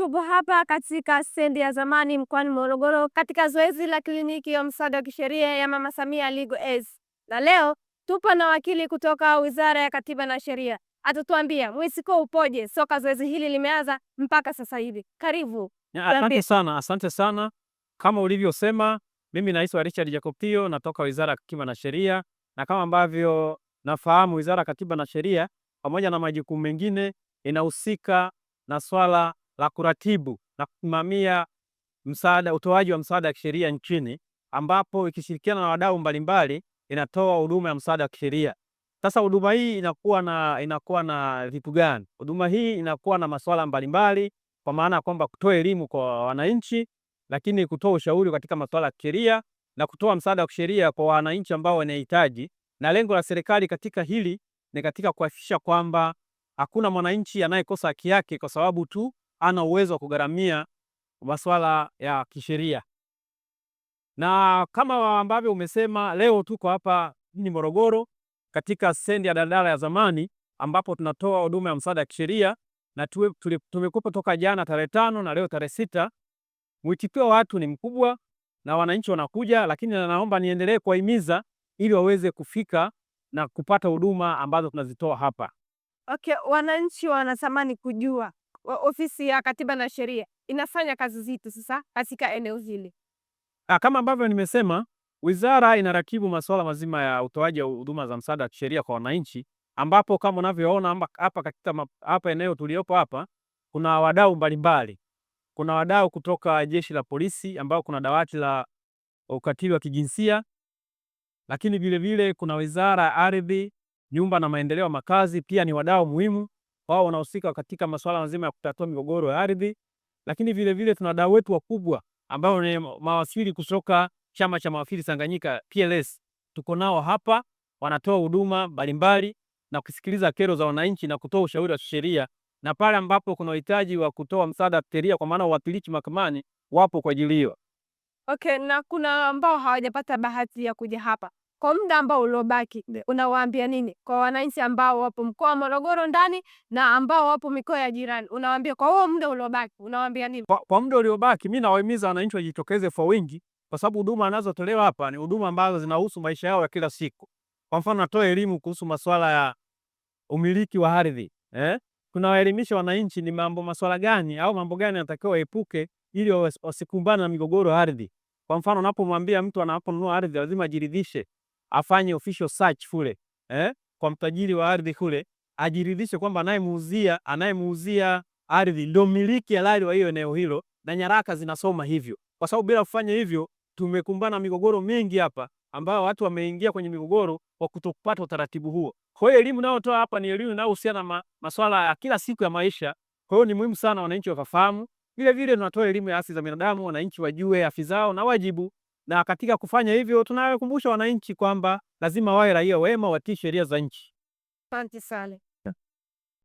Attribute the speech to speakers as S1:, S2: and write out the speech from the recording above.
S1: Tupo hapa katika stendi ya zamani mkoani Morogoro katika zoezi la kliniki ya msaada wa kisheria ya Mama Samia Legal Aid, na leo tupo na wakili kutoka Wizara ya Katiba na Sheria. Atatuambia mwisiko upoje soka zoezi hili limeanza mpaka sasa hivi. Karibu.
S2: Asante sana, asante sana. Kama ulivyosema, mimi naitwa Richard Jacob Tio, natoka Wizara ya Katiba na Sheria, na kama ambavyo nafahamu Wizara ya Katiba na Sheria pamoja na majukumu mengine inahusika na swala la kuratibu na kusimamia msaada, utoaji wa msaada wa kisheria nchini, ambapo ikishirikiana na wadau mbalimbali inatoa huduma ya msaada wa kisheria. Sasa huduma hii inakuwa na inakuwa na vitu gani? Huduma hii inakuwa na masuala mbalimbali, kwa maana ya kwamba kutoa elimu kwa wananchi, lakini kutoa ushauri katika masuala ya kisheria na kutoa msaada wa kisheria kwa wananchi ambao wanahitaji, na lengo la serikali katika hili ni katika kuhakikisha kwamba hakuna mwananchi anayekosa haki yake kwa sababu tu hana uwezo wa kugharamia masuala ya kisheria, na kama ambavyo umesema, leo tuko hapa mjini Morogoro katika stendi ya daladala ya zamani ambapo tunatoa huduma ya msaada wa kisheria na tumekupa toka jana tarehe tano na leo tarehe sita. Mwitikio wa watu ni mkubwa na wananchi wanakuja, lakini naomba niendelee kuwahimiza ili waweze kufika na kupata huduma ambazo tunazitoa hapa.
S1: Okay, wananchi wanatamani kujua ofisi ya katiba na sheria inafanya kazi zitu sasa katika eneo hili.
S2: Ah, kama ambavyo nimesema, wizara inaratibu masuala mazima ya utoaji wa huduma za msaada wa kisheria kwa wananchi, ambapo kama unavyoona hapa katika hapa eneo tuliopo hapa kuna wadau mbalimbali. Kuna wadau kutoka jeshi la polisi ambao kuna dawati la ukatili wa kijinsia, lakini vilevile kuna wizara ya ardhi, nyumba na maendeleo ya makazi, pia ni wadau muhimu wao wanahusika katika masuala mazima ya kutatua migogoro ya ardhi, lakini vile vile tuna wadau wetu wakubwa ambao ni mawasili kutoka chama cha mawasili Tanganyika PLS. Tuko nao hapa, wanatoa huduma mbalimbali na kusikiliza kero za wananchi na kutoa ushauri wa sheria, na pale ambapo kuna uhitaji wa kutoa msaada wa kisheria kwa maana uwakilishi mahakamani, wapo kwa ajili hiyo.
S1: Okay, na kuna ambao hawajapata bahati ya kuja hapa kwa muda ambao uliobaki unawaambia nini kwa wananchi ambao wapo mkoa wa Morogoro ndani na ambao wapo mikoa ya jirani? Unawaambia kwa huo muda uliobaki unawaambia nini?
S2: Kwa, kwa muda uliobaki mimi nawahimiza wananchi wajitokeze kwa wingi, kwa sababu huduma anazotolewa hapa ni huduma ambazo zinahusu maisha yao ya kila siku. Kwa mfano, natoa elimu kuhusu masuala ya umiliki wa ardhi eh? Tunawaelimisha wananchi ni mambo masuala gani au mambo gani yanatakiwa waepuke ili wasikumbane na migogoro ya ardhi. Kwa mfano, unapomwambia mtu anaponunua ardhi lazima ajiridhishe afanye official search kule eh, kwa mtajiri wa ardhi kule, ajiridhishe kwamba anayemuuzia anayemuuzia ardhi ndio mmiliki halali wa hiyo eneo hilo, na nyaraka zinasoma hivyo, kwa sababu bila kufanya hivyo tumekumbana na migogoro mingi hapa ambao watu wameingia kwenye migogoro kwa kutokupata utaratibu huo. Kwa hiyo elimu inayotoa hapa ni elimu inayohusiana na masuala ya kila siku ya maisha. Kwa hiyo ni muhimu sana wananchi wakafahamu. Vile vile tunatoa elimu ya haki za binadamu, wananchi wajue haki zao na wajibu na katika kufanya hivyo tunawakumbusha wananchi kwamba lazima wawe raia wema, watii sheria za nchi.
S1: Asante sana.